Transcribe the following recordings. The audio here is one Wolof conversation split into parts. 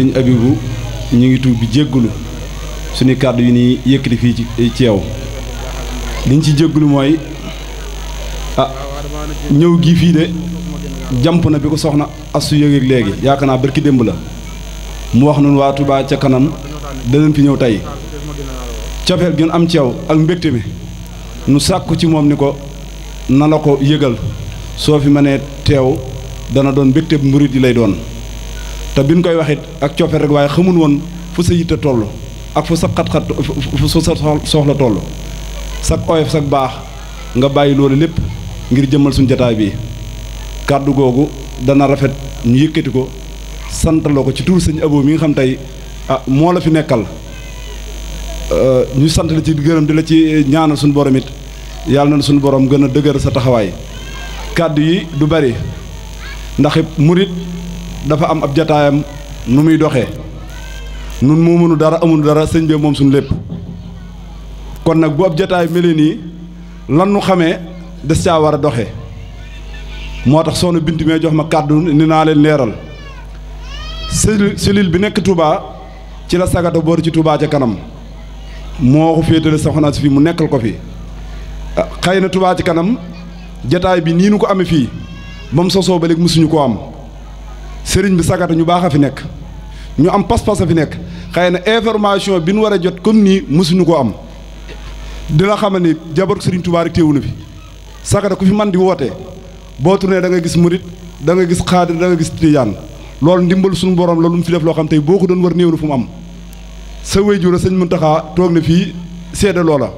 sëriñ Abibu ñu ngi tuub bi jéggulu suñu kàddu yi ni yëkkati fii ci yow liñ ci jéggulu mooy ah ñëw gi fii de jàmp na bi ko soxna asu yëgeeg léegi yaakaar naa bërki démb la mu wax nun waa Touba ca kanam danañ fi ñëw tey cofeel gi am ci ak mbégte mi nu sàkk ci moom ni ko na la ko yëgal soo fi mënee teew dana doon mbégte murit di lay doon te biñ koy waxit ak coppet rek waaye xamun woon fu sa yitte toll ak fu sa xat-xat fu sa soxla toll sak oyof sak baax nga bàyyi loolu lépp ngir jëmmal suñu jataay bi kàddu googu dana rafet ñu yëkkati ko santaloo ko ci tuur sëñ Abo mi nga xam tey ah moo la fi nekkal euh, ñu sant la ci gërëm di la ci ñaanal suñu borom it yàlla na suñu borom gën a dëgër sa taxawaay kàddu yi du bari ndax murit dafa am ab jataayam nu muy doxe nun moo mënu dara amunu dara sëñ bi moom suñu lépp kon nag bu ab jataay mel nii lan nu xamee des caa war a doxe moo tax soxna Bintu mee jox ma kàddu ni naa leen leeral cellule cellule bi nekk tubaa ci la sagata boor ci tubaa ca kanam moo ko féetale soxna si fii mu nekkal ko fi ah, xëy na tubaa ci kanam jataay bi nii nu ko amee fii ba mu sosoo ba léegi mosuñu ko am sëriñ bi sagata ñu baax a fi nekk ñu am pas-pas fi nekk xëy na information bi nu war a jot comme nii mosuñu ko am dina xamal ni jabar sëriñ Tuubaa rek téewu na fi sagata ku fi man di wootee boo tourné da nga gis murit da nga gis xaadir da gis tijaan loolu ndimbal suñu borom la lu mu fi def loo xam tey boo ko doon war néew na fu mu am sa wéyjur a sëñ Muntaxa toog na fii seede loola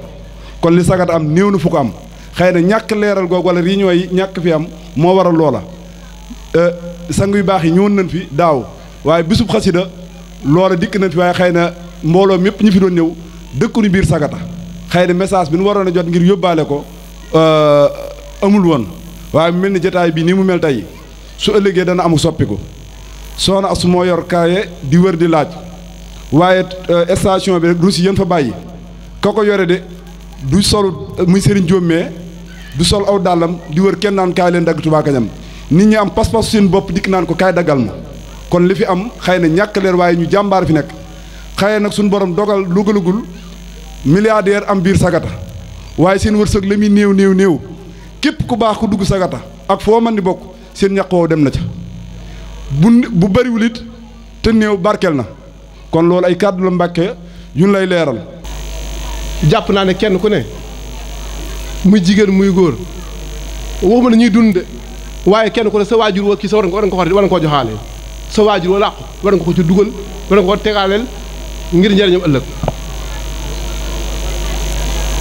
kon li sagata am néew na fu ko am xëy na ñàkk leeral googu wala réunion yi ñàkk fi am moo waral loola euh, sang yu baax yi ñëwoon nañ fi daaw waaye bisub xasida loola dikk nañ fi waaye xëy na mbooloo mépp ñu fi doon ñëw dëkkuñu biir sagata xëy na message bi nu waroon a jot ngir yóbbaale ko euh, amul woon waaye mu mel ni jataay bi nii mu mel tey su ëllëgee dana amu soppiku soxna asu moo yor kaaye di wër di laaj waaye euh, station bi rek rusi yéen fa bàyyi ka ko yore de du sol euh, muy sëriñ Jóob mais du sol aw dàllam di wër kenn naan kaay leen dagg Touba nit ñi am pas-pas seen bopp dikk naan ko kaay daggal ma kon li fi am xëy na ñàkk leer waaye ñu jàmbaar fi nekk xëy nag suñu borom dogal lugalugul milliardaire am biir sagata waaye seen wërsëg la muy néew néew néew képp ku baax ku dugg sagata ak foo mën di bokk seen ñaq woowu dem na ca bu bariwulit te néew barkeel na kon loolu ay kàddu la mbàkke yu lay leeral. jàpp naa ne kenn ku ne muy jigéen muy góor waxuma na ñuy dund waaye kenn ku ne sa waajur wa kii sa war nga ko war nga koo joxaale sa waajur wa làqu war nga ko ci dugal war nga ko tegaaleel ngir njëriñam ëllëg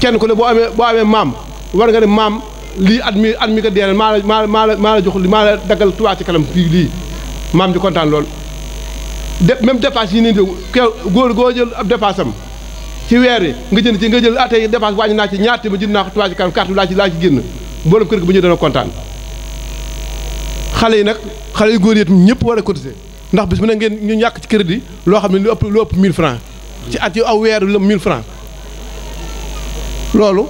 kenn ko ne boo amee boo amee maam war nga ne maam lii at mi at mi ko dee maa la maa maa la maa la jox maa la daggal Touba Ca Kanam fii lii maam di kontaan lool. de même dépense yi nii de góor goo jël ab dépense ci weer nga jënd nga jël ah tey dépense wàññi naa ci ñaar téeméer jënd naa ko laa ci laa ci génn mboolem kër gi bu ñëwee kontaan. xale yi nag xale yu góor yi itam ñëpp war a cotiser ndax bis mu ne ngeen ñu ñàkk ci crédit loo xam ne lu ëpp lu ëpp 1000 francs ci at yu aw weer la 1000 francs loolu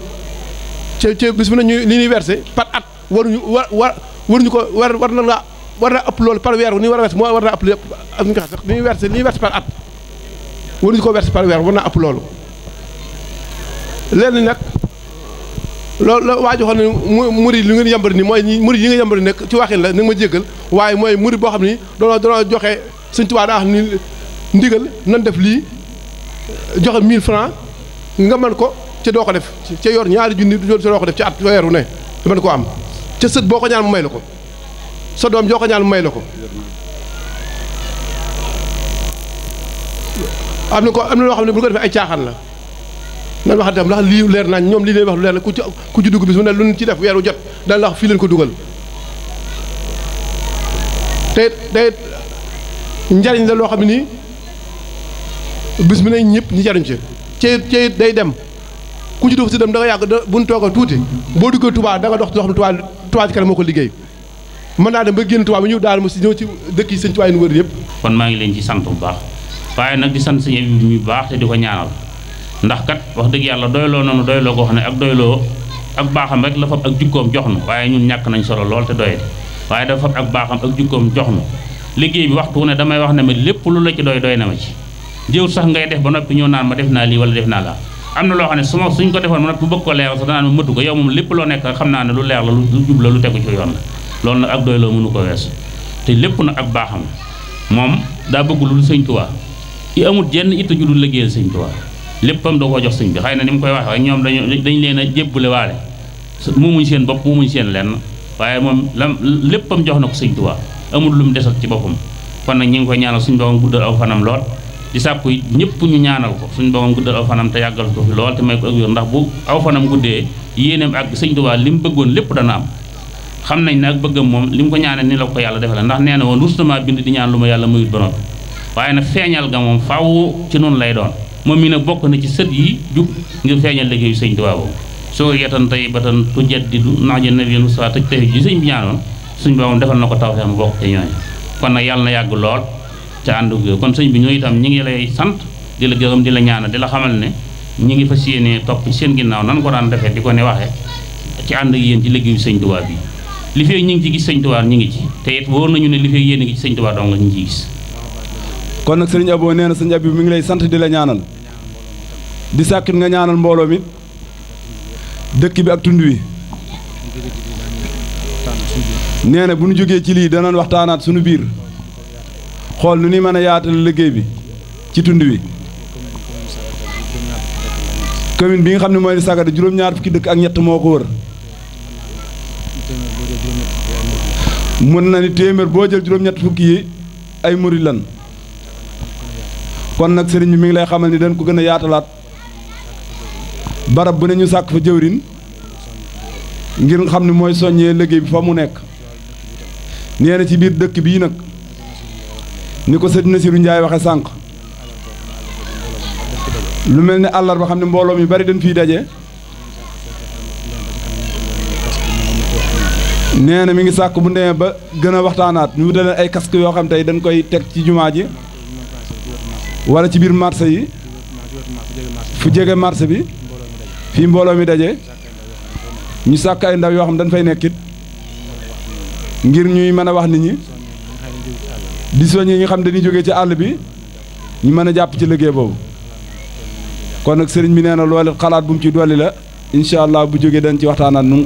ci ci bis mu ne ñu li ñuy versé par at waruñu war war waruñu ko war war na la war naa ëpp loolu par weer ni war a versé moo war naa ëpp lépp ak ñu sax li ñuy versé li ñuy versé par at waruñu ko versé par weer war naa ëpp loolu lenn nag. loolu la waa ji waxoon ne muri li ngeen yambari ni mooy muri yi nga yambari nekk ci waxin la na ma jéggal waaye mooy muri boo xam ni doonoo doonoo joxe suñ tubaab daa wax ni ndigal nan def lii joxe 1000 francs nga mën ko ca doo ko def ca yor ñaari junni du doo ko def ci at weer wu ne mën ko am ca sët boo ko ñaan mu may la ko sa doom joo ko ñaan mu may la ko am na ko am na loo xam ne bu ko defee ay caaxaan la nan wax itam ndax lii leer nañ ñoom lii leen wax leer na ku ci ku ci dugg bis mu ne lu ñu ci def weeru jot daan la fii leen ko dugal te day njariñ la loo xam ne nii bis mu ne ñëpp ñu jariñ ci ci day dem ku ci dugg si dem da yàgg da bu ñu tooga tuuti boo duggee Touba da nga dox dox Touba Touba ci kanam moo ko liggéey mën naa dem ba génn Touba bi ñu daal ma si ñëw ci dëkk yi sëñ Touba yi nu wër yëpp kon maa ngi leen ci sant bu baax waaye nag sant sëñ bi bu ndax kat wax dëgg yàlla doyloo nanu doyloo ko xam ne ak doyloo ak baaxam rek la fab ak jukkoom jox nu waaye ñun ñàkk nañ solo lool te doyati waaye dafa fab ak baaxam ak jukkoom jox nu liggéey bi waxtu ne damay wax ne ma lépp lu la ci doy doy na ma ci jëw sax ngay def ba noppi ñëw naan ma def naa lii wala def naa la am na loo xam ne su ma suñ ko defoon ma noppi bu bëgg ko leeral sax danaan ma mëtu ko yow moom lépp loo nekk xam naa ne lu leer la lu jub la lu tegu ci loolu nag ak doyloo mënu ko weesu te lépp nag ak baaxam moom daa bëgg lu dul sëñ Tuubaa amul jenn itta ju dul liggéeyal sëñ Tuubaa léppam da koo jox sëñ bi xay na ni mu koy waxee rek ñoom dañu dañ leen a jébbale waale mu seen bopp muumuñ seen lenn waaye moom lam léppam jox na ko sëñ Tuubaa amul lu mu desal ci boppam kon nag ñu ngi koy ñaanal suñu boppam guddal aw fanam lool di sàkku ñëpp ñu ñaanal ko suñu boppam guddal aw fanam yàggal ko lool te may ko ak yoon ndax bu aw fanam guddee yéeneem ak sëñ Tuubaa li mu bëggoon lépp dana am xam nañ ne bëggam moom li mu ko ñaanee ni la ko yàlla defee la ndax nee na woon rustement bind di ñaan lu ma yàlla mayut ba noppi waaye na feeñal ga moom faaw ci noonu lay doon moom mi nag bokk na ci sët yi jug ngir feeñal liggéeyu sëñ Tuubaa boobu soo yetan tey batan tu di nax ja nabi Musaa tëj tey ji sëñ bi ñaanoon suñ boobu defal na ko taw feex mu bokk te ñooñu kon nag yàlla na yàgg lool ca ànd ak kon sëñ bi ñooy itam ñi ngi lay sant di la gërëm di la ñaana di la xamal ne ñi ngi fas yéenee topp ci seen ginnaaw nan ko daan defee di ko ne waxee ci ànd ak yéen ci liggéeyu sëñ Tuubaa bi li fee ñu ngi ci gis sëñ Tuubaa ñu ngi ci te it wóor nañu ne li yéen a ngi ci sëñ Tuubaa dong kon nag sëriñ Abo nee na sëriñ Abi mi ngi lay sant di la ñaanal di sàkkit nga ñaanal mbooloo mi dëkk bi ak tund wi nee bu ñu jógee ci lii danañ waxtaanaat sunu biir xool nu ni mën a yaatal liggéey bi ci tund wi commune bi nga xam ne mooy Sagada juróom-ñaar fukki dëkk ak ñett moo ko wër mën na ni téeméer boo jël juróom-ñett fukki yi ay murid lan kon nag sëriñ bi mi ngi lay xamal ni dañ ko gën a yaatalaat barab bu ne ñu sàkk fa jëwrin ngir xam ni mooy soññee liggéey bi fa mu nekk nee na ci biir dëkk bii nag ni ko sëriñ Nasiru Njaay waxe sànq lu mel ne àllarba xam ne mbooloo mi bari dañ fiy daje nee na mi ngi sàkk bu demee ba gën a waxtaanaat ñu wutaleen ay casque yoo xam tey dañ koy teg ci jumaa ji wala ci biir marché yi fu jege marché bi fii mbooloo mi daje ñu sàkk ay ndaw yoo xam dañ fay nekkit ngir ñuy mën a wax nit ñi di soññi nga xam dañuy jóge ci àll bi ñu mën a jàpp ci liggéey boobu kon nag sëriñ bi nee na loolu xalaat bu mu ci dolli la incha allah bu jógee dañ ci waxtaanaat nu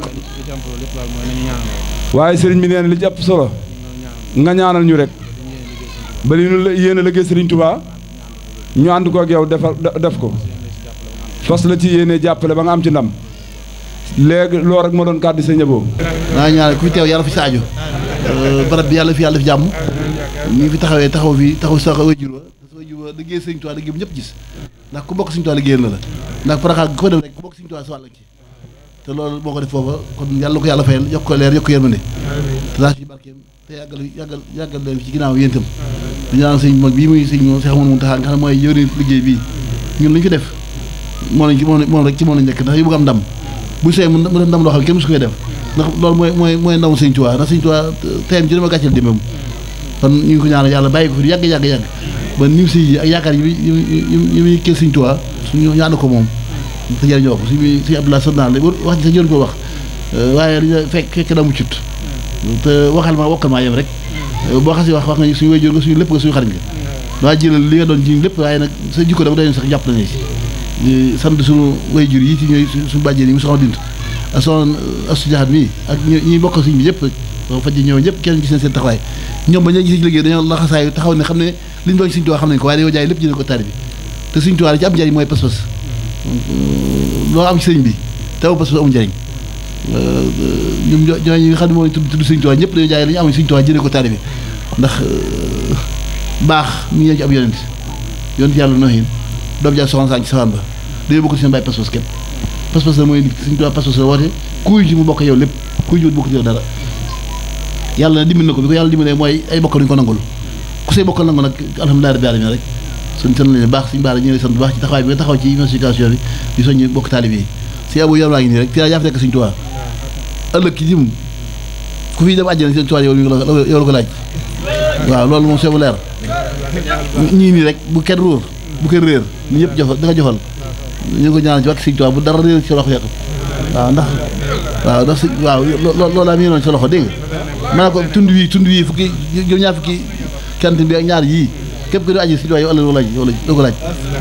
waaye sëriñ bi nee li ci ëpp solo nga ñaanal ñu rek ba li ñu yéen a sëriñ Touba. ñu ànd ko ak yow defal def ko fas la ci yéene jàppale ba nga am ci ndam léegi loo rek ma doon kàddu sa ñëboo naa ñaar kuy teew yàlla fi saaju euh, barab bi yàlla fi yàlla fi jàmm ñu fi taxawee taxaw fi taxaw sa wajur wa sa wajur wa liggéey sëñ Tuubaa liggéey bu ñëpp gis ndax ku bokk sëñ Tuubaa liggéeyal na la ndax paraxaal gi ko def rek ku bokk sëñ Tuubaa sa wàll ci te loolu moo ko def foofa kon yàlla ko yàlla fayal yokk ko leer yokk ko yërmande te daa ci te yàggal yàggal yàggal leen fi ci ginnaaw yéen itam di ñaan sëñ mag bii muy sëñ moom Cheikh Mamadou Mountakha nga xam moo lañ ci rek ci moo lañ njëkk ndax yu bëgg am ndam bu see mu def ndam loo xam ne kenn su koy mooy mooy mooy ndaw sëñ Tuubaa ndax sëñ ñu ngi ko ñaanal yàlla bàyyi ko fi yàgg yàgg yàgg ba nim si yi ak yaakaar yi yi muy kër sëñ Tuubaa suñu ñaanu ko moom te jëriñoo ko suñu suñu Abdoulaye Sadnaan wax ji sax jëriñ ko wax waaye fekk fekk daa muccut te waxal ma wokkal maa yem rek boo xasee wax wax nga suñu wéy jur nga suñu lépp nga suñu xarit nga daa doon jiñ lépp waaye nag sa jikko dama dañu sax jàpp nañu si sant suñu wéy jur yi ci ñooy suñu bàjjeen yi mu soxna dint ak soxna ak ñuy yëpp rek ñëw ñëpp kenn gis nañ seen taxawaay ñoom ba ñoo gisee ci liggéey ne xam ne li ñu doon suñu ko waaye dañoo jaay lépp jëne ko taari bi te suñu tuwaa ci am njariñ mooy pas-pas loo am ci sëñ bi taw pas-pas amul njariñ Euh, ñoom ñooñu nga xam ne mooy tudd tudd Sëñ Tuubaa ñëpp dañu jaay la ñu amoon Sëñ Tuubaa jëlee ko taalibe ndax euh, baax mi ngi ñëw ci ab yonent yonent yàlla nooyin doom jaay soxna saa ci safaan ba dañoo bokk seen bàyyi pas-pas képp pas-pas la mooy nit Sëñ Tuubaa pas-pas la woote kuy ci mu bokk yow lépp kuy ci mu bokk yow dara yàlla dimbali na ko bi ko yàlla dimbalee mooy ay bokk duñu ko nangul ku say bokkal nangu nag alhamdulilah rabbil alamin rek suñ sant lañu baax suñu baax la ñu ngi sant bu baax ci taxawaay bi nga taxaw ci massification bi di soññi bokk taalibe yi yaa boobu yàlla ngi nii rek te yaa fi nekk Sëriñ Tuubaa ëllëg ki jëm ku fi dem àjjana Sëriñ Tuubaa yow la ko laaj waaw loolu moom c'est bu leer ñii nii rek bu kenn ruur bu kenn réer ni ñëpp jofal da nga jofal ñu ngi ko bu dara réer ci loxo yàq ndax waaw ndax si waaw loolu laa noonu sa loxo dégg nga ko tund wii tund wii fukki juróom ñaar fukki kantin bi ak ñaar yii képp ku di aji Sëriñ Tuubaa yow ëllëg loo laaj yow la ko laaj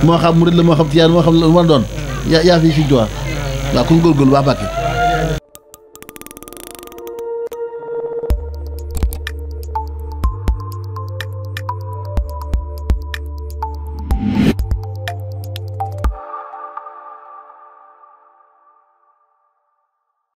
moo xam murid la moo xam tiyaan moo xam lu ma doon yaa yaa fi Sëriñ waaw ku góorgóorlu waa Mbacke